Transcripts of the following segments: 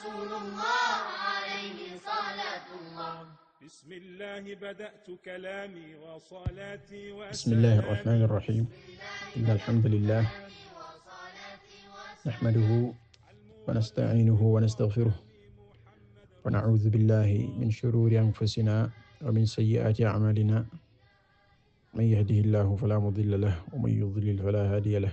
رسول الله عليه صلاة الله بسم الله بدأت كلامي وصلاتي بسم الله الرحمن الرحيم إن الحمد لله نحمده ونستعينه ونستغفره ونعوذ بالله من شرور أنفسنا ومن سيئات أعمالنا من يهده الله فلا مضل له ومن يضلل فلا هادي له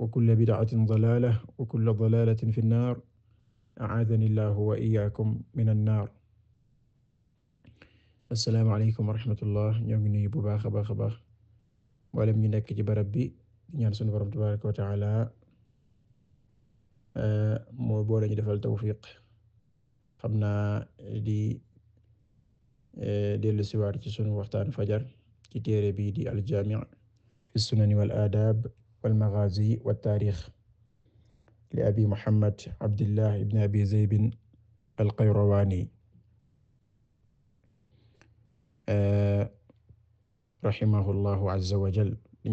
wa kulla bid'atin dalaala wa kulla dalaalatin fi nnaar a'aadani llaahu wa iyyaakum mina nnaar. assalaamu aleykum wa rahmatullah ñoo ngi nuyu bu baax a baax a baax mboolem ñu nekk ci barab bi ñaan sunu borom tabaaraka wa ta'aala euh, moo boole ñu defal tawfiq xam naa di euh, dellu siwaat ci sunu waxtaan fajar ci téere bi di al jaami' fi sunani wal aadaab walmagaazi waltaarix li abi muhammad abdillah ibn abi zeybin alqayrawaani rahimahullahu azza wa jal di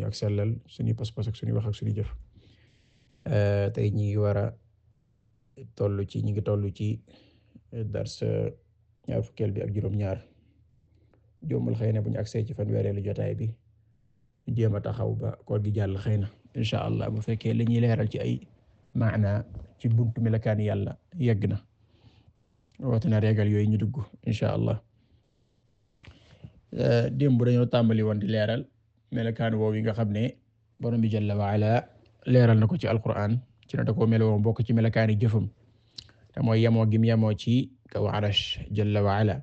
ñu ak sellal suñuy pas-pas ak suñuy wax ak euh, ñi ngi war a toll ci ñi ngi toll ci dars ñaar fukkeel bi ak juróom-ñaar jombul xëy na bu ñu agsee ci fanweereelu jotaay bi jéem a taxaw ba koor gi jàll xëy na incha allah bu fekkee li leeral ci ay maana ci buntu melokaan yàlla yegg na rawatina régal yooyu ñu dugg incha allah euh, démb dañoo tàmbali woon di leeral melokaan woowu yi nga xam ne borom bi jalla wa leeral na ko ci alquran ci na da koo melo woon bokk ci melokaani jëfam te mooy yemoo gim yemoo ci kaw arash jalla wa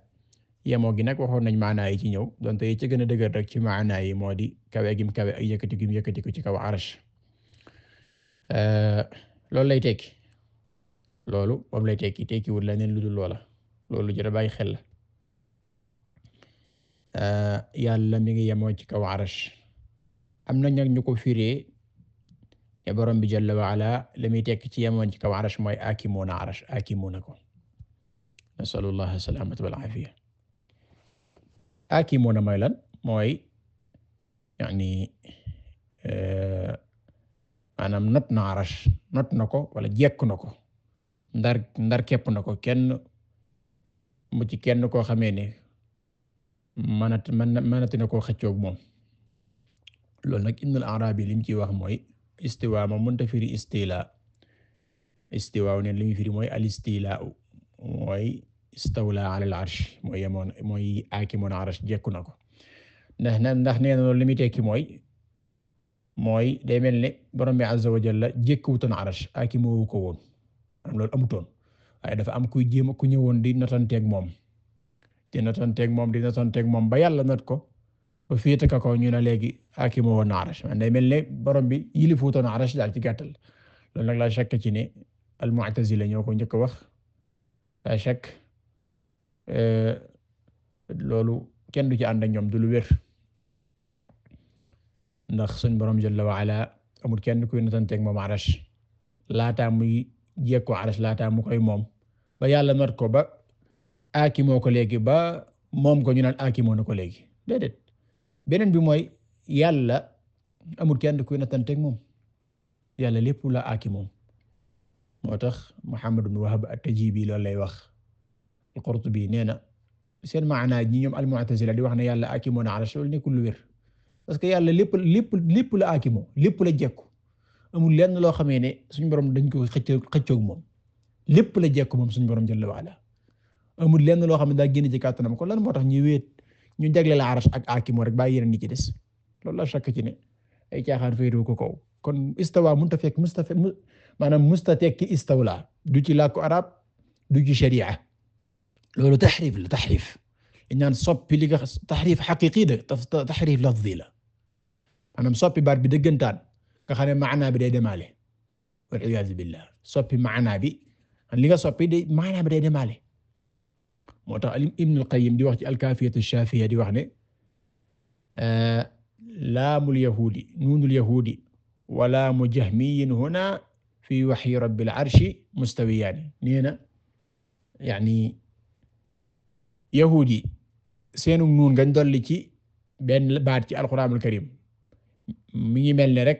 yemoo gi nag waxoon nañ maanaa yi ci ñëw donte yi ci gën a dëgër rek ci maanaa yi moo di kawe gim kawe ak yëkkati gim yëkkati ko ci kaw arsh loolu lay tekki loolu moom lay tekki tekki wul leneen lu dul loola loolu jot a bàyyi xel la yàlla ngi yemoo ci kaw arsh am na ñag ñu ko firee ne borom bi jalla waala la muy tekki ci yemoon ci kaw arsh mooy akimuna arsh akimuna ko nasalullah salaamata wal afiya aakimuuna ah, may lan mooy yaani euh, maanaam not na arash not na ko wala jekk na ko ndar ndar képp na ko kenn mu kenn koo xamee ne manat manati na koo xëccoog moom loolu nag Ibn al-Arabi li mu ciy wax mooy istiwa ma mënta firi istila istiwa ne li firi mooy al-istila mooy istawla ala al arsh mooy yemoon mooy aakimoon arsh jekku na ko ndax ndax nee na loolu li muy tekki mooy mooy day mel ne borom bi azza wa jalla jékkiwutoon arsh aakimoo ko woon am loolu amutoon waaye dafa am kuy jéem ku ñëwoon di notanteeg moom di notanteeg moom di moom ba yàlla not ko ba féete ka ko ñu ne léegi aakimoo woon arsh man day mel ne borom bi yilifuutoon arsh daal ci gàttal loolu nag la chàkk ci ne al mu'tazila ñoo ko njëkk wax la chàkk Euh, loolu kenn du ci ànd ak ñoom du lu wér ndax suñ borom jalla wa ala amul kenn kuy natanteeg moom arash laataa muy jekko arash laataa mu koy moom ba yàlla mat ko ba aaki ko léegi ba moom ko ñu naan aaki moo na ko léegi beneen bi mooy yàlla amul kenn kuy natanteeg moom yàlla lépp la aaki moom moo tax Muhammad ibn Wahhab at-Tajibi loolu lay wax Qurtubi nee na seen maanaa ñi ñoom al-Mu'tazila di wax ne yàlla akimoon ala shay'in nekkul lu wér parce que yàlla lépp lépp lépp la akimo lépp la jekku amul lenn loo xamee ne suñu borom dañ ko xëccoo xëccoog moom lépp la jekku moom suñu borom jalla wa'ala amul lenn loo xam ne daa génn ci kàttanam kon lan moo tax ñu wéet ñu jagleel arash ak akimo rek bàyyi yeneen ñi ci des loolu la chàkk ci ne ay caaxaan féetewoo ko kaw kon istawa mënut a fekk mustafa maanaam musta tekki istawla du ci làkku arab du ci sharia loolu taxriif la taxriif dañ naan soppi li nga taxriif xaqiqi la taxriif lafzi la maanaam soppi baat bi dëggantaan nga xam ne maanaa bi day demaale wal iyaazu billah soppi maanaa bi li nga soppi day maanaa bi day demaale moo tax Ibn al-Qayyim di wax ci al-Kaafiyatu ash-Shaafiyya di wax ne laamul yahuudi nuunul yahuudi wa laamu jahmiyyin hunaa fii wahyi rabbil arshi mustawiyaani nee na yaani yahuud yi seenu nuun ngañ dolli ci benn baat ci alxuraanul karim mi ngi mel ne rek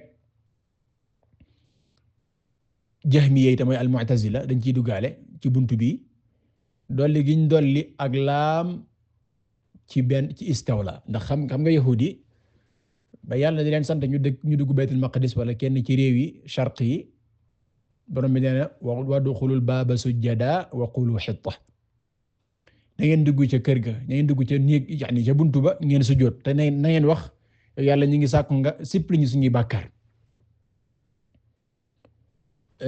jaxmiye te mooy almu'tazila dañ ciy duggaale ci bunt bi dolli giñ dolli ak laam ci benn ci istawla ndax xam xam nga yahuud yi ba yàlla di leen sant ñu dëkk ñu dugg baytul maqdis wala kenn ci réew yi sharq yi borom bi nee na wa duxulul baaba sujjada wa qulu xitta na ngeen dugg ca kër ga na ngeen dugg ca néeg yaani ca buntu ba ngeen sujjóot te na ngeen wax yàlla ñu ngi sàkku nga sippli ñu suñuy bàkkaar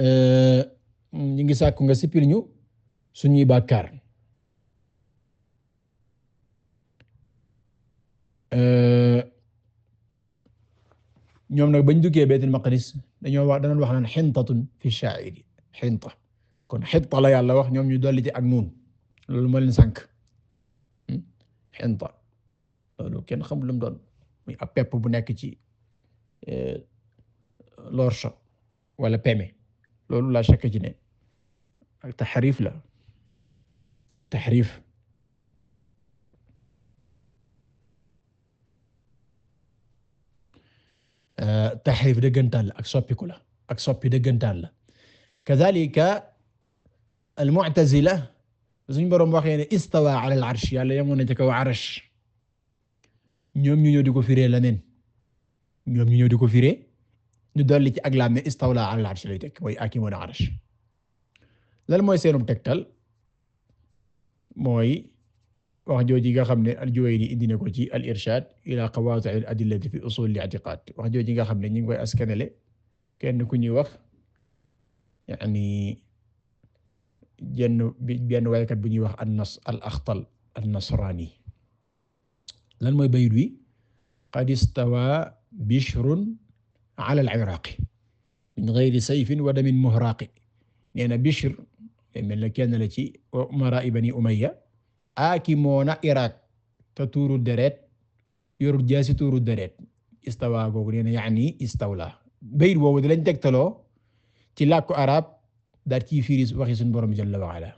euh, ñu ngi sàkku nga sippli ñu suñuy bàkkaar euh, ñoom nag bañ duggee Baytul Maqdis dañoo wax danoon wax naan xintatun fi sha'iri xinta kon xinta la yàlla wax ñoom ñu dolli ci ak nuun loolu moo leen sànq hmm? xinta loolu kenn xamul lu doon muy ab pepp bu nekk ci eh, lorso wala peme loolu la shakk ci ne ak taxarif la taxarif eh, taxrif dëggantaan la ak soppiku la ak soppi dëggantaan la kazalika al suñ boroom waxee ne istawa ala al arsh yàlla yemoon na ci kaw arsh ñoom ñu ñëw di ko firee leneen ñoom ñu ñëw di ko fire ñu dolli ci ak laam ne istawla ala al arsh lay tekk mooy akimoon arsh lan mooy seenum tegtal mooy wax jooji nga xam ne al-Juwayni indi na ko ci al-Irshad ila qawaati' al-adillati fi usul al-i'tiqad wax jooji nga xam ne ñu ngi koy askanale kenn ku ñuy wax yani jenn benn waykat bu ñuy wax an nas al axtal an nasrani lan mooy bayit wi qad istawa bishrun ala al iraqi min ghayri sayfin wa damin muhraqi nee na bishr mel na kenn la ci umara ibni umayya aaki moona iraq te tuuru deret yorul jaasi tuuru deret istawa googu nee na yaani istawla bayit boobu di lañ tegtaloo ci làkku arab daal ci firi waxi suñu borom jalla wa ala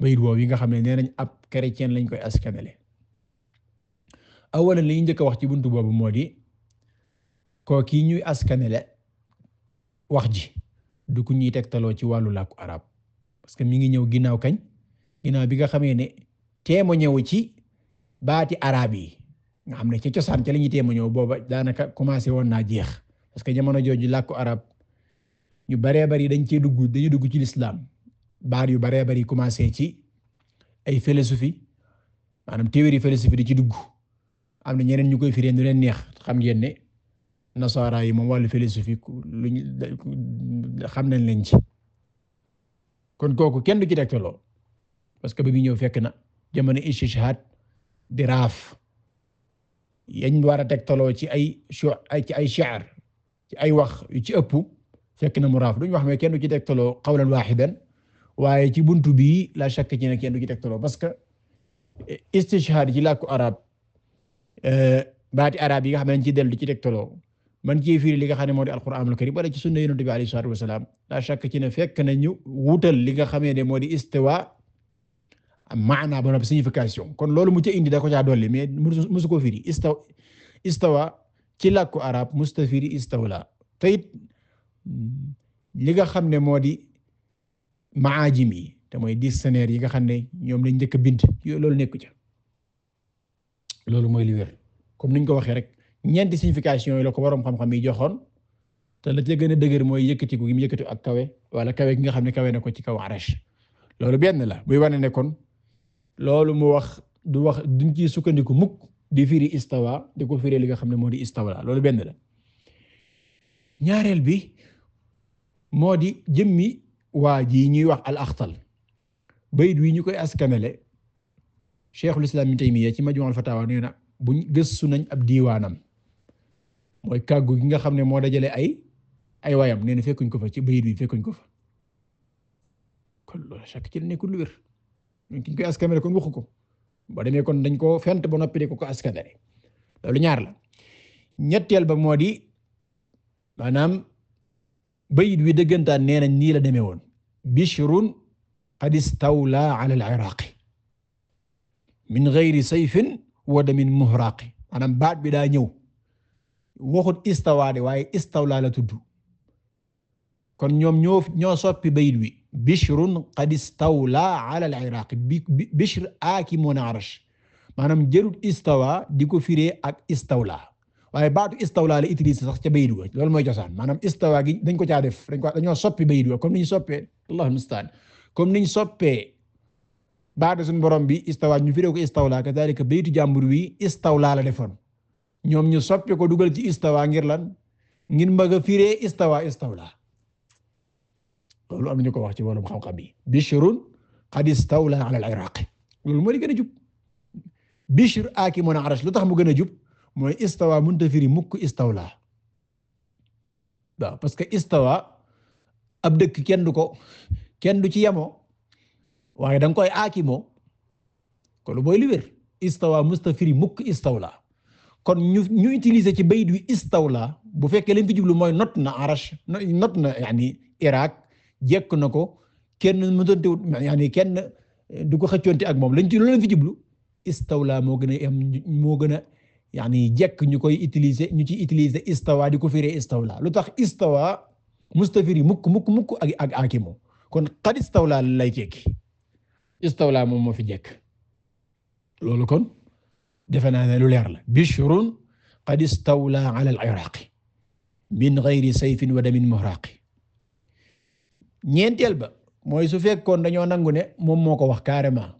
bayit woow yi nga xam ne nee nañ ab chrétien lañ koy askanale awalan lañu njëkk a wax ci buntu boobu moo di koo kii ñuy askanale wax ji du ku ñuy tegtaloo ci wàllu làkku arab parce que mi ngi ñëw ginnaaw kañ ginnaaw bi nga xamee ne teemo ñëw ci baati arab yi nga xam ne ci cosaan ca la teem teemo ñëw booba daanaka commencé woon naa jeex parce que jamono jooju làkku arab ñu baree bari dañ cee dugg dañu dugg ci lislaam baat yu baree bari commencé ci ay philosophie maanaam théorie philosophie di ci dugg am na ñeneen ñu koy firee nu leen neex xam ngeen ne nasaara yi moom wàllu philosophie luñ xam nañ leen ci kon kooku kenn du ci tegtaloo parce que ba muy ñëw fekk na jamono istishhaad di raaf yañ war a tegtaloo ci ay ci ay shi'r ci ay wax yu ci ëpp fekk na mu raaf duñ wax mais kenn du ci tegtaloo xawlan waaxidan waaye ci buntu bii la shakk ci kenn du ci tegtaloo parce que eh, istishhaad ci làkku arab eh, baati arab yi nga xam ne dañ ci dellu ci tegtaloo man ci firi li nga xam ne moo di alquranul karim wala ci sunna yonent bi alayhi salaatu wasalaam la shakk ci ne fekk li nga xamee ne moo di istiwa maana ba noppi signification kon loolu mu ci indi da ko caa dolli mais su ko firi istaw istawa ci làkku arab mustafiri istawla te li nga xam ne moo di maajim yi te mooy dictionnaire yi nga xam ne ñoom lañ njëkk a bind loolu nekku ca loolu mooy li wér comme niñ ko waxee rek ñeenti signification yi la ko waroom xam-xam yi joxoon te la ca gën a dëgër mooy yëkkatiku gi mu yëkkati ak kawe wala kawe gi nga xam ne kawe na ko ci kaw arash loolu benn la buy wane ne kon loolu mu wax du wax duñ ciy sukkandiku mukk di firi istawa di ko firi li nga xam ne moo di istawa loolu benn la bi moo di jëmmi waa ji ñuy wax al axtal bayit wi ñu koy askanale cheikhul islam ibn Taymiyya ci majmu'ul fatawa nee na buñ gëstu nañ ab diiwaanam mooy kàggu gi nga xam ne moo dajale ay ay waayam nee na fekkuñ ko fa ci bayit wi fekkuñ ko fa kon loolu chaque ci la nekkul lu wér ñu kiñ koy askanale kon waxu ko ba demee kon dañ koo fent ba noppi de ko ko askanale loolu ñaar la ñetteel ba moo di maanaam bayit wi dëggantaan nee nañ nii la demee woon bishrun qad istawla ala al-iraqi min ghayri sayfin wa damin muhraqi maanaam baat bi daa ñëw waxut istawaa de waaye istawla la tudd kon ñoom ñoo ñoo soppi bayit wi bishrun qad istawla ala al-iraqi bishr aakimun arsh maanaam jërut istawa di ko firee ak istawla waaye baatu istawlaa la utilisé sax ca bayit wa loolu mooy cosaan maanaam istawa gi dañ ko caa def dañ ko dañoo soppi bayit wa comme niñ soppee Allahul mustaan comme niñ soppee baatu suñu borom bi istawa ñu firee ko istawlaa kadaalika baytu jàmbur wi istawlaa la defoon ñoom ñu soppi ko dugal ci istawa ngir lan ngir mbëgg a firee istawa istawlaa loolu am nañu ko wax ci wàllum xam-xam yi bishrun qad istawlaa ala al-iraaq loolu moo li a jub arash lu tax mu gën a jub mooy istawa mënut a firi mukk istawla waaw parce que istawa ab dëkk kenn du ko kenn du ci yemoo waaye da koy aakimoo ko booy mooy li wér istawa mësta mukk istawla kon ñu ñu utiliser ci bayit wi istawla bu fekkee leen fi jublu mooy not na arash not na yaani Irak jekk na ko kenn mënut a yaani kenn du ko xëccoonte ak moom lañ ci loolu leen fi moo gën moo gën a yaani jekk ñu koy utiliser ñu ci utiliser istawa di ko firee istawla lu tax istawa mustafiri mukk mukk mukk ak ak akimu kon qad istawla lay tekki istawla moom moo fi jekk loolu kon defe naa ne lu leer la bishrun qad istawla ala al-iraqi min ghayri sayfin wa damin muhraqi ñeenteel ba mooy su fekkoon dañoo nangu ne moom moo ko wax carrément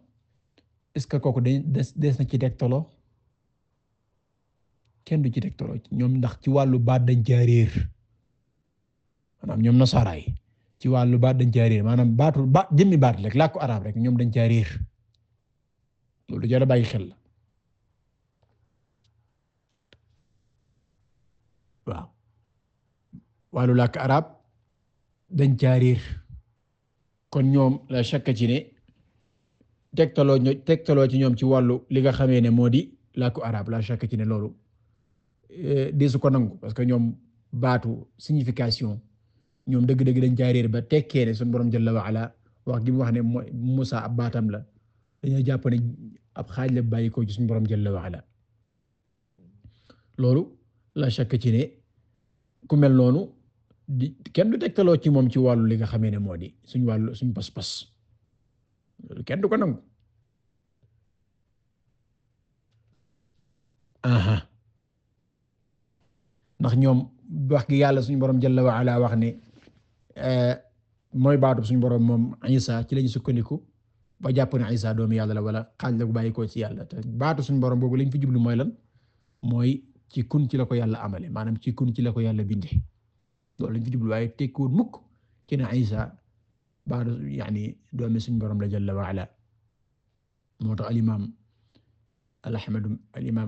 est-ce que kooku des des na ci tegtaloo kenn du ci teg toro ñoom ndax ci wàllu baat dañ caa réer maanaam ñoom nasaara ci wàllu baat dañ caa réer maanaam baatu ba jëmmi baat rek làkku arab rek ñoom dañ caa réer loolu jar a bàyyi xel la waaw wàllu làkk arab dañ caa réer kon ñoom la shakka ci ne tegtaloo ci ñoom ci wàllu li nga xamee ne moo di làkku arab laa shakka ci ne loolu Eh, deesu ko nangu parce que ñoom baatu signification ñoom dëgg-dëgg dañ caa ba tekkee ne suñu borom jalla wa ala wax gi mu wax ne mooy Musa ab baatam la dañoo jàpp ab xaaj la bàyyi ko ci suñu borom jalla loolu la chaque ci ku mel noonu di kenn du tegtaloo ci moom ci wàllu li nga xamee ne moo di suñu wàllu suñu pas-pas du ko nangu ndax ñoom wax gi yàlla suñu borom jalla wa ala wax ni eh, mooy baatu suñu borom moom Isa ci lañu sukkandiku ba jàpp ne Isa doomu yàlla la wala xaaj la bu bàyyi ko ci yàlla te baatu suñu borom boobu lañ fi jublu mooy lan mooy ci kun ci la ko yàlla amale maanaam ci kun ci la ko yàlla bindee loolu lañ fi jublu waaye tekkiwul mukk ci ne Isa baatu yaani doomi suñu borom la jalla wa ala moo tax al imaam al ahmad al imaam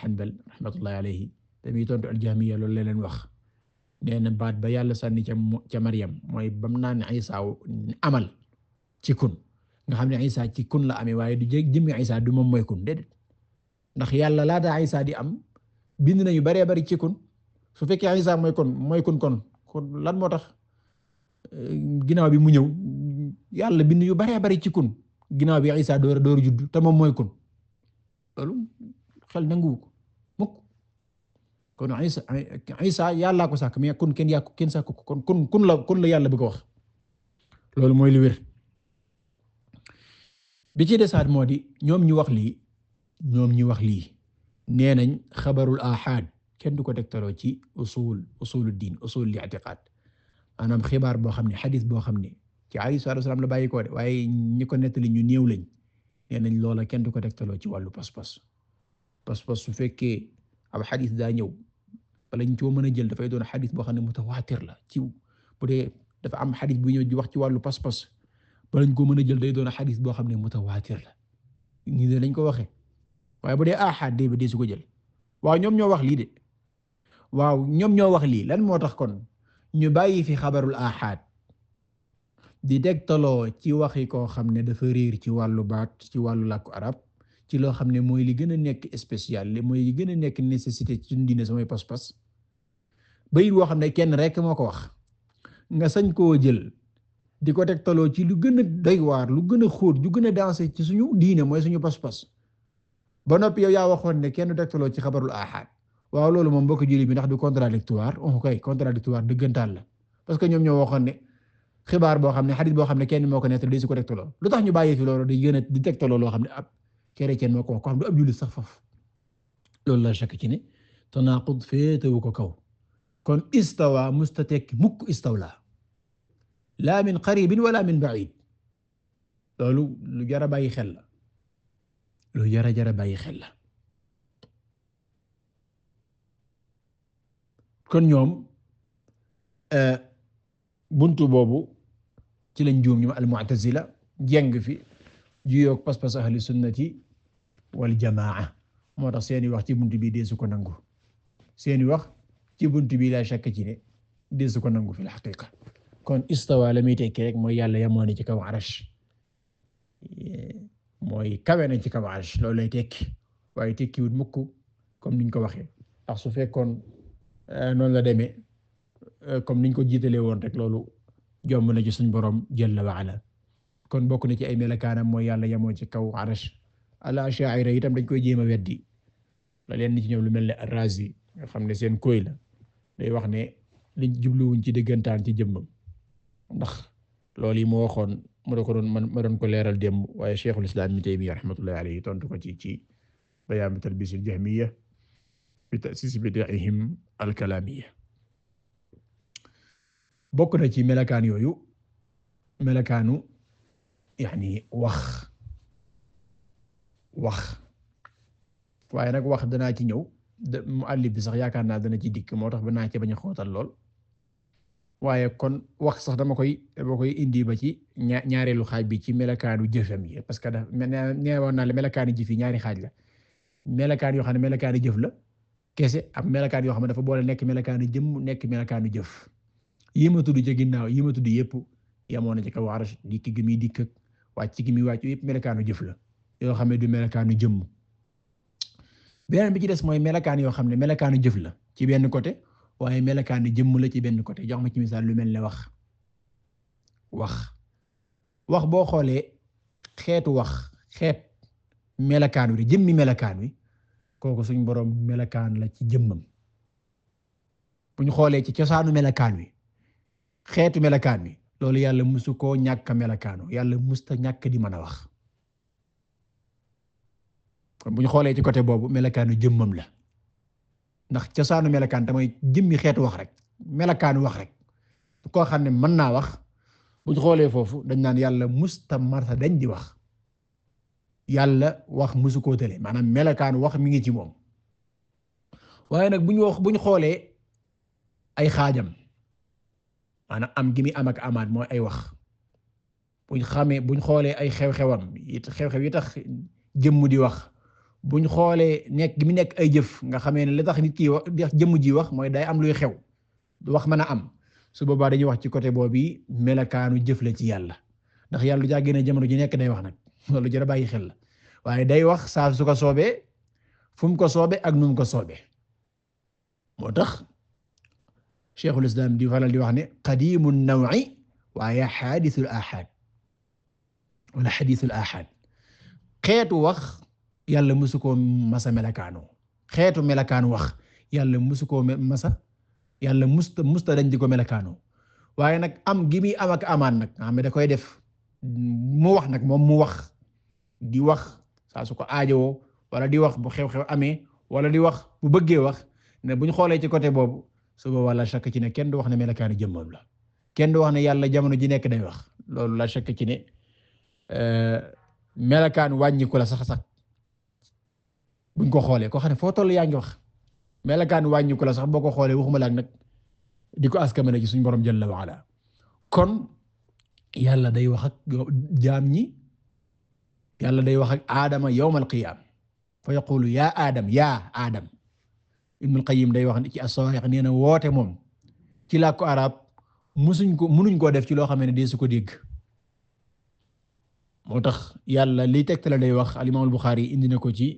Hanbal rahmatullahi alayhi te bi tontu aljahmiya loolu la leen wax nee na baat ba yàlla sànni ca ca Maryam mooy bam naa ne Isa amal ci kun nga xam ne Isa ci kun la amee waaye du jég jëmmi Isa du moom mooy kun ndax yàlla laata Isa di am bind nañu baree bari ci kun su fekkee Isa mooy kon mooy kun kon kon lan moo tax euh, ginnaaw bi mu ñëw yàlla bind yu baree bari ci ginaaw bi Isa door door judd te moom mooy kun loolu xel nanguwu ko kon Isa Isa yàllaa ko sàkk mais kon kenn yaa ko kenn sàkk ko kon kon kon la kon la yàlla bëgg wax loolu mooy lu wér bi ci desaat moo di ñoom ñu wax lii ñoom ñu wax lii nee nañ xabarul ahad kenn du ko tegtaloo ci usul usulu diin usul li i'tiqaad maanaam xibaar boo xam ne xadis boo xam ne ci alayhi salaatu wasalaam la bàyyi ko de waaye ñi ko nettali ñu néew lañ nee nañ loola kenn du ko tegtaloo ci wàllu pas-pas pas-pas su fekkee ab xadis daa ñëw bala ñu mën a jël dafay doon xadis boo xam ne mutawaatir la ciw bu dee dafa am xadis bu ñëw di wax ci wàllu pas-pas bala ñu mën a jël day doon xadis boo xam ne mutawaatir la nii de lañ ko waxee waaye bu dee ahad de dee su ko jël waa ñoom ñoo wax lii de waaw ñoom ñoo wax lii lan moo tax kon ñu bàyyi fi xabarul ahad di degtaloo ci waxi koo xam ne dafa réer ci wàllu baat ci wàllu làkku arab ci loo xam ne mooy li gën a nekk spécial li mooy li gën a nekk nécessité ci suñu diine samay pas-pas bayit woo xam ne kenn rek moo ko wax nga sañ koo jël di ko teg taloo ci lu gën a doy waar lu gën a xóot lu gën a dansé ci suñu diine mooy suñu pas-pas ba noppi yow yaa waxoon ne kenn teg taloo ci xabarul ahad waaw loolu moom mbokk julli bi ndax du contradictoire on oh, koy contradictoire dëggantaan la parce que ñoom ñoo waxoon ne xibaar boo xam ne xadis boo xam ne kenn moo ko nettali di si ko tegtaloo lu tax ñu bàyyi fi loolu di gën a loo xam ne chrétien moo ko wax ko xam du ab jullit sax faf loolu la chak ci ne tanaqud féetewu ko kaw kon istawa musta tekki mukk istawla laa min qaribin wala min ba'id loolu lu jara bàyyi xel la lu jara jara bàyyi xel la kon ñoom euh, buntu boobu ci lañ juum ñu al-Mu'tazila jeng fi juyoog pas-pas ahli sunnati wal jamaa moo tax seeni wax ci bunt bi deesu ko nangu seeni wax ci bunt bi la shakk ci ne deesu ko nangu fi la haqiqa kon istawa la muy tekki rek mooy yàlla yemoo na ci kaw arash mooy kawe na ci kaw arash loolu lay tekki waaye tekkiwut mukk comme niñ ko waxee ndax su fekkoon eh, noonu la demee eh, comme niñ ko jiitalee woon rek loolu jomb na ci suñ borom jalla wa ala kon bokk na ci ay melakaanam mooy yàlla yemoo ci kaw arash al ash'ari itam dañ koy jéem a weddi la leen ni ci ñoom lu mel ne ar-Razi nga xam ne seen koy la day wax ne liñ jubluwuñ ci diggantaan ci jëmmam ndax lool yi mu waxoon mu da ko doon man ma ko leeral démb waaye Cheikhul Islam Ibn Taymiyya rahmatullahi alayhi tontu ko ci ci Bayaan talbiis al-Jahmiyya bi ta'siis bid'ihim al bokk na ci melakaan yooyu melakaanu yaani wax wax waaye nag wax danaa ci ñëw de muallif bi sax yaakaar naa dana ci dikk moo tax ba naa ci bañ a xóotal lool waaye kon wax sax dama koy dama koy indi ba ci ña ñaareelu xaaj bi ci melakaanu jëfam yi parce que da neewoon naa la melakaanu jëf yi ñaari xaaj la melakaan yoo xam ne melakaanu jëf la kese am melakaan yoo xam ne dafa boole nekk melakaanu jëmm nekk melakaanu jëf yi ma tudd ca ginnaaw yi ma tudd yëpp yamoon na ci kaw arsh dikk gi muy dikk ak wàcc gi muy wàcc yëpp melakaanu jëf la yoo xam ne du melakaanu jëmm beneen bi ci des mooy melakaan yoo xam ne melakaanu jëf la ci benn côté waaye melakaanu jëmm la ci benn côté jox ma ci misaal lu mel ne wax wax wax boo xoolee xeetu wax xeet melakaan wi jëmmi melakaan wi kooku suñ boroom melakaan la ci jëmmam buñ xoolee ci cosaanu melakaan wi xeetu melakaan wi loolu yàlla musu koo ñàkk melakaanu yàlla musta ñàkk di mën a wax kon bu ñu xoolee ci côté boobu melakaanu jëmmam la ndax cosaanu melakaan damay jëmmi xeetu wax rek melakaanu wax rek koo xam ne mën naa wax bu xoolee foofu dañ naan yàlla musta marsa dañ di wax yàlla wax musu koo tële maanaam melakaanu wax mi ngi ci moom waaye nag bu ñu wax bu ñu xoolee ay xaajam maanaam am gi muy am ak amaat mooy ay wax buñ xamee buñ xoolee ay xew-xewam xew-xew yi tax jëmmu di wax bu ñu xoolee nekk gi mu nekk ay jëf nga xamee ne li tax nit ki wax jëmm ji wax mooy day am luy xew du wax mën a am su boobaa dañuy wax ci côté boobu melakaanu jëf la ci yàlla ndax yàlla lu jàggee ne jamono ji nekk day wax nag loolu jar a bàyyi xel la waaye day wax saa su ko soobee fu mu ko soobee ak nu mu ko soobee moo tax cheikhul islam di faral di wax ne qadimu nawi waaye xaadisul ahad wala xadisul ahad xeetu wax yàlla musu koo masa melakaanu xeetu melakaanu wax yàlla musu koo masa yàlla musta musta dañ di ko waaye nag am gi muy am ak amaan nag nga xam ne da koy def mu wax nag moom mu wax di wax saa su ko aajowoo wala di wax bu xew-xew amee wala di wax bu bëggee wax ne bu ñu xoolee ci côté boobu su boobaa la chàkk ci ne kenn du wax ne melakaanu jëmmam la kenn di wax ne yàlla jamono ji nekk day wax loolu la chàkk ci ne euh, melakaanu wàññiku la sax sax. buñ ko xoolee koo xam ne foo toll yaa ngi wax melakaan wàññi ko la sax boo ko xoolee waxuma laak nag di ko aska mane ci suñ borom jalla wa ala kon yàlla day wax ak jaam ñi yàlla day wax ak aadama yawmal qiyaam fa yaqulu yaa aadam yaa aadam ibnul qayyim day wax ci as-sawa'iq nee na woote moom ci làkku arab suñ ko munuñ koo def ci loo xam ne dee su ko moo tax yàlla liy la day wax al-imaam al-Bukhari indi na ko ci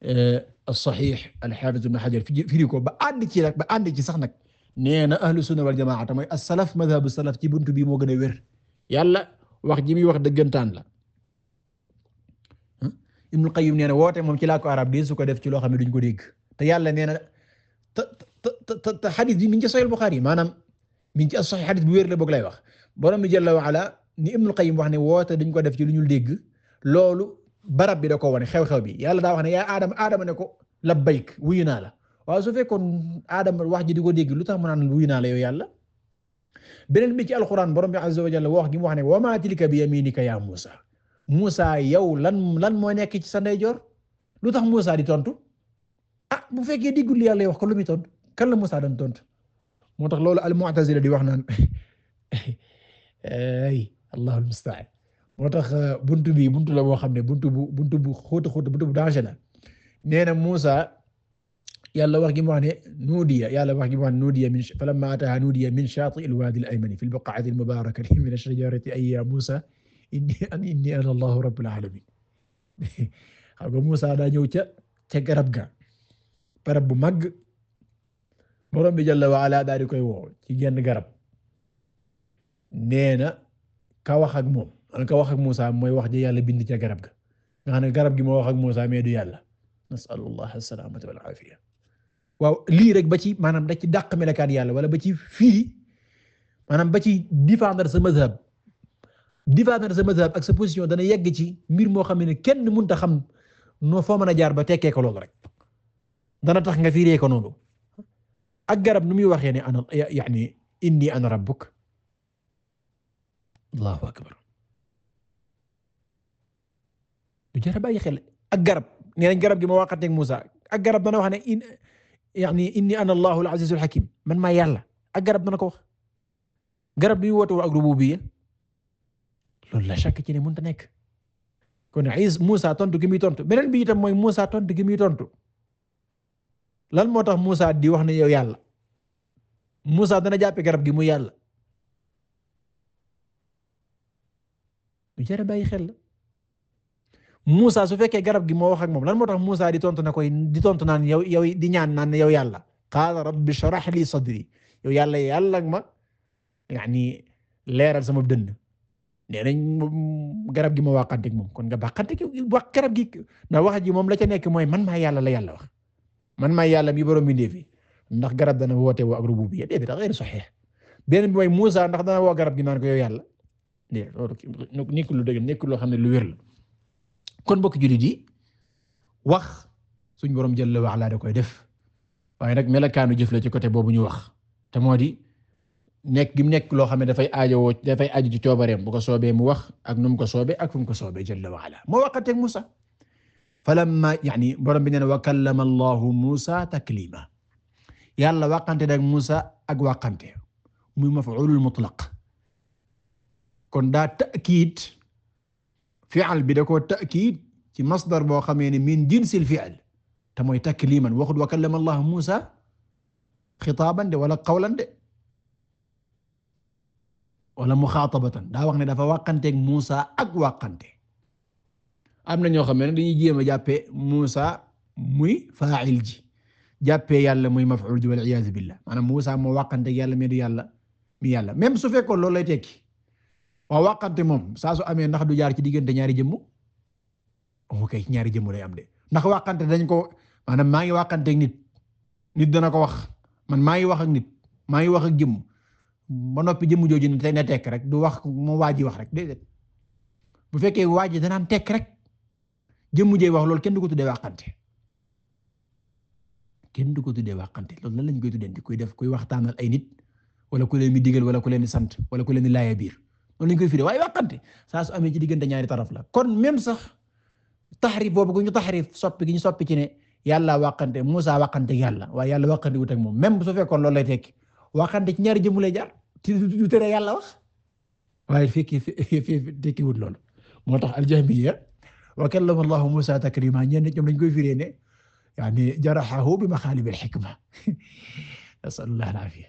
as-Sahih al-Hafiz Ibn Hajar firi ko ba ànd ci rek ba ànd ci sax nag nee na ahlu sunna wal jamaa te mooy as-salaf madhabu salaf ci buntu bii moo gën a wér yàlla wax ji muy wax dëggantaan la Ibn Qayyim nee na woote moom ci laa ko arab di su ko def ci loo xam ne duñ ko dégg te yàlla nee na te te te te xadis bi mi ngi ci Sahih al-Bukhari maanaam mi ngi ci as-Sahih xadis bu wér la boog lay wax borom bi jalla wa ala ni Ibn Qayyim wax ne woote dañ ko def ci lu ñu dégg loolu barab bi da ko wane xew-xew bi yàlla daa wax ne yaa aadama aadama ne ko labbayk wuyu naa la waaye su fekkoon aadama wax ji di ko dégg lu tax mu naan wuyu naa la yow yàlla beneen bi ci alxuraan borom bi azza wa jalla wax gi mu wax ne wa maa tilka bi yaminika yaa Muusa Muusa yow lan lan moo nekk ci sa ndeyjoor lu tax Muusa di tontu ah bu fekkee diggul yàlla wax ko lu muy tontu kan la Muusa doon tontu moo tax loolu al mu'tazila di wax naan ay allahul musta'an moo tax euh, buntu bi buntu la boo xam ne buntu bu buntu bu xóot xóot buntu bu danger la nee na Musa yàlla wax gi mu wax ne nuudiya yàlla wax gi mu wax ne nuudiya min falamma ataha nuudiya min shaati al-waadi al-aymani fi al-baq'ati al-mubaarakati min ash-shajarati ay ya Musa inni an ana Allahu rabbul alamin xam nga Musa daa ñëw ca ca garab ga barab bu màgg borom bi jalla wa ala daal di koy woo ci genn garab nee na ka wax ak man ka wax ak Moussa mooy wax ji yàlla bind ca garab ga nga xam ne garab gi moo wax ak Moussa mais du yàlla nasalullah asalaamata wal lii rek ba ci maanaam da ci dàq melekaan yàlla wala ba ci fii maanaam ba ci défendre sa mazhab défendre sa mazhab ak sa position dana yegg ci mbir moo xam ne kenn mënut a xam noo foo mën a jaar ba tekkee ko loolu rek dana tax nga fiiree ko noonu ak garab nu muy waxee ne ana yani inni ana rabbuk allahu akbar du jar a bàyyi xel ak garab nee nañ garab gi ma waxateeg Moussa ak garab dana wax ne in yani inni ana allahu al-azizul hakim man maa yàlla ak garab dana ko wax garab duy woote woo ak rububiyya loolu la chàkk ci ne mënut a nekk kon is Moussa tontu gi muy tontu beneen bi itam mooy Moussa tontu gi muy tontu lan moo tax Moussa di wax ne yow yàlla Moussa dana jàppe garab gi mu yàlla du jar a bàyyi xel Moussa su fekkee garab gi moo wax ak moom lan moo tax Moussa di tontu na koy di tontu naan yow yow di ñaan naan yaw yàlla qaala rabbi shrah li sadri yow yàlla yàlla ak ma yaani leeral sama dënd nee nañ garab gi ma wàqanteeg moom kon nga bàqanteeg wax garab gi na wax ji moom la ca nekk mooy man maa yàlla la yàlla wax man maa yàlla mi borom bindee fi ndax garab dana woote woo ak rububiyya déedéet da ngay soxee benn bi mooy Moussa ndax dana woo garab gi naan ko yow yàlla déedéet loolu nekkul lu dëgg nekkul loo xam ne lu wér la. kon mbokk jullit yi wax suñ borom jalla wa ala da koy def waaye nag melakaanu jëf la ci côté boobu ñu wax te moo di nekk gi mu nekk loo xam ne dafay aajowoo dafay aaju ci coobareem bu ko soobee mu wax ak nu ko soobee ak fu ko soobee jalla wa ala moo waxateeg Musa falamma yani borom bi nee na wa kallama Allahu Musa taklima yàlla waqante nag Musa ak waqante muy maf'ulul mutlaq kon daa ta'kiid fi'al bi da koo ta'kiid ci masdar boo xamee ne min jinsil fi'al te mooy takliman waxut wa kallama allah Muusa xitaaban de wala qawlan de wala muxaatabatan daa wax ne dafa wàqanteeg Muusa ak wàqante am na ñoo xam ne dañuy jéem a jàppee Muusa muy faa'il ji jàppee yàlla muy maf'ul ji wal iyaazu billah maanaam Muusa moo wàqanteeg yàlla mais yàlla su fekkoon loolu tekki waaw wàqante moom saa su amee ndax du jaar ci diggante ñaari jëmm ok oh, ñaari jëmm lay am de ndax wàqante dañ ko maanaam maa ngi wàqanteeg nit nit dana ko wax man maa ngi wax ak nit maa ngi wax jëmm ba noppi jëmm jooju ne tey na tekk rek du wax mu waaji wax rek déedéet bu fekkee waaji danaan tekk rek jëmm jey wax loolu kenn du ko tuddee wàqante kenn du ko tuddee wàqante loolu lan lañ koy tuddee di koy def koy waxtaanal ay nit wala ku leen di digal wala ku leen di sant wala ku leen di laaya biir noonu lañ koy firi waaye wàqante saa su amee ci diggante ñaari taraf la kon même sax taxrif boobu gu ñu taxrif soppi gi ñu soppi ci ne yàlla wàqante Muusaa wàqante yàlla waaye yàlla wàqante wut ak moom même su fekkoon loolu lay tekki wàqante ci ñaari jëmu lay jaar ci du tere yàlla wax waaye fekki fi wut loolu moo tax aljahmiya wa kallama Allahu Muusaa takrima ñenn ñoom lañ koy firee ne yaani jarahahu bi maxaalib al hikma nasalullah al afiya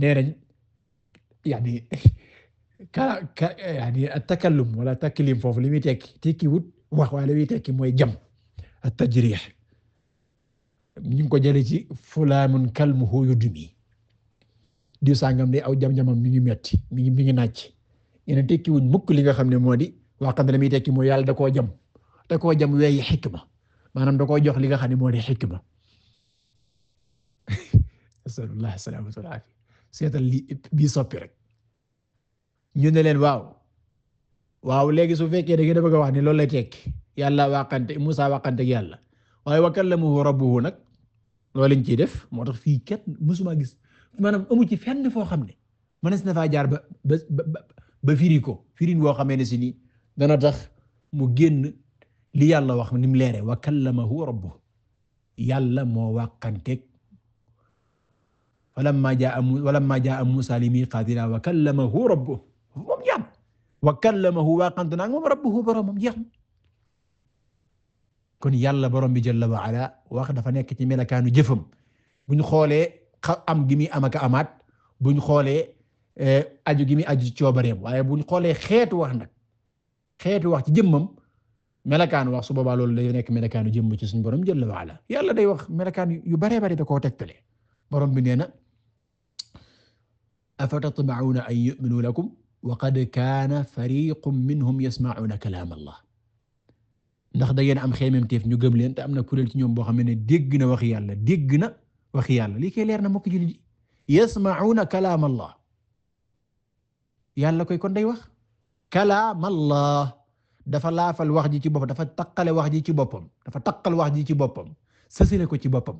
nee nañ yaani ka ka eh, yani atakallum wala taklim foofu li muy tekki tekki wut wax waaye li muy tekki mooy jam a tajrih ñu ngi ko jëlee ci fulaamun kalmuhu yudmi diw sàngam ne aw jam-jamam mi ngi metti mi ngi mi ngi nàcc yéen tekki wuñ mukk li nga xam ne moo di waxam ne li tekki mooy yàlla da koo jam da koo jam weeyi xikma maanaam da koo jox li nga xam ne moo di xikma asalullah salaamatu alaafiya seetal li bii soppi rek ñu ne leen waaw waaw léegi su fekkee da ngeen bëgg a wax ni loolu lay tekki yàlla waaqante Musaa waaqante ak yàlla waaye wa kallamahu rabbuhu nag loolu lañ ciy def moo tax fii kat musuma gis maanaam amu ci fenn foo xam ne mënees na faa jaar ba ba ba firi ko firin boo xamee ne si nii dana tax mu génn li yàlla wax ni mu leere wa kallamahu rabbuhu yàlla moo waaqanteeg falammaa jaa'a Musaa li miiqaatinaa wa kallamahu rabbuhu moom jeex na wa kallamahu waaqante naag moom rabbuhu borom moom jeex na kon yàlla borom bi jalla wa ala wax dafa nekk ci melakaanu jëfam buñ xoolee am gi muy am ak amaat buñ xoolee eh, aju gi muy aju ci coobareem waaye buñ xoolee xeetu wax nag xeetu wax ci jëmmam melakaanu wax su boobaa loolu day nekk melakaanu jëmm ci suñu borom jalla wa ala yàlla day wax melakaan yu baree bari da koo tegtale borom bi nee na afa tatma'una an yu'minu lakum waqad kaana fariqun minhum yasma'una kalaam allah ndax da ngeen am xeememteef ñu gëm leen te am na kuréel ci ñoom boo xam ne dégg na wax yàlla dégg na wax yàlla lii koy leer na mbokk jullit yi yasma'una kalaam allah yàlla koy kon day wax kalaam allah dafa laafal wax ji ci boppam dafa taqale wax ji ci boppam dafa taqal wax ji ci boppam sësale ko ci boppam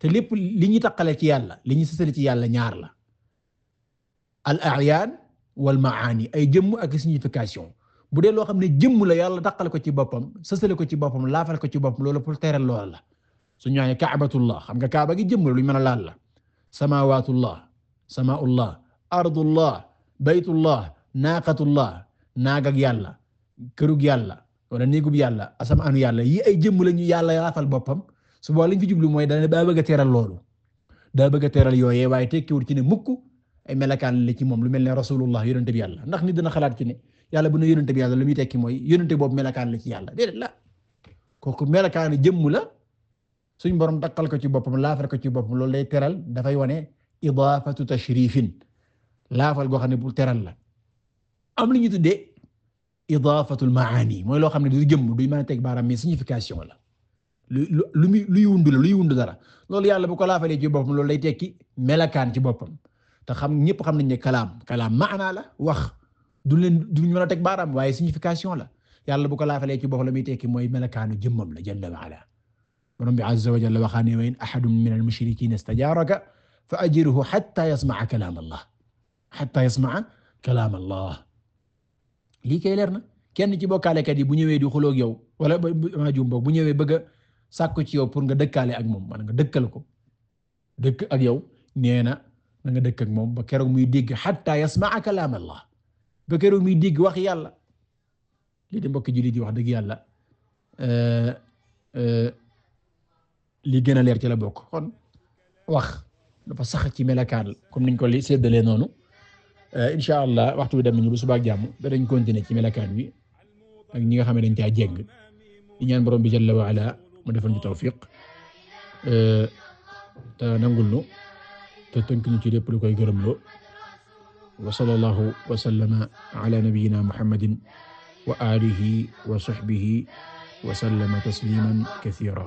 te lépp li ñu taqale ci yàlla li ñu sësale ci yàlla ñaar la al wal maani ay jëmm ak signification bu dee loo xam ne jëmm la yàlla daqal ko ci boppam sësale ko ci boppam laafal ko ci boppam loolu pour teral loo la su ñu waxee kaabatullah xam nga kaaba gi jëmm la lu ñu mën a laal la samawaatullah samaullah ardullah baytullah naaqatullah naagak yàlla kërug yàlla wala néegub yàlla asamaanu yàlla yi ay jëmm la ñu yàlla laafal boppam su boobaa li ñu fi jublu mooy dana daa bëgg a teral loolu daa bëgg a teral yooyee waaye tekkiwul ci ne mukk ay melakaan la ci moom lu mel ne rasulullah yonente bi yàlla ndax nit dina xalaat ci ne yàlla bu ne yonente bi yàlla lu muy tekki mooy yonente boobu melakaan la ci yàlla déedéet la kooku melakaan jëmm la suñ borom takkal ko ci boppam laafal ko ci boppam loolu lay teral dafay wane idaafatu tashrifin laafal goo xam ne bu teral la am lu ñu tuddee idaafatul maani mooy loo xam ne du jëmm duñ mën a teg mi mais signification la lu lu luy wundu la luy wundu dara loolu yàlla bu ko laafalee ci boppam loolu lay tekki melakaan ci boppam te xam ñëpp xam nañ ne kalaam kalaam maanaa la wax du leen du ñu mën a teg baaraam waaye signification la yàlla bu ko laafalee ci bopp la muy tekki mooy melakaanu jëmmam la jalla wa ala borom bi azza wa jalla waxaa ne wa in ahadun min al mushrikiina istajaaraka fa ajirhu hatta yasma'a kalaam allah hatta yasma'a kalaam allah lii kay leer na kenn ci bokkaalekat yi bu ñëwee di xuloo ak yow wala ma juum boog bu ñëwee bëgg a sàkku ci yow pour nga dëkkaale ak moom maanaam nga dëkkal ko dëkk ak yow nee na na nga dëkk ak moom ba keroog muy dégg xatta yasmaa kalaam allah ba keroog muy dégg wax yàlla lii di mbokki jullit yi wax dëgg yàlla euh, euh, li gën a leer ci la bokk kon wax dafa sax ci melakaan comme niñ ko li séddalee noonu euh, incha allah waxtu bi dem nañu bu subaak jàmm danañ continuer ci melakaan wi ak ñi nga xam ne dañ caa jégg di ñaan borom bi jalla wa ala mu defal ñu tawfiq nu te tënk ñu ci lépp lu koy gërëm loo wa sallallahu wa sallama ala nabiyyina muhammadin wa alihi wa sahbihi wa sallama tasliman kathira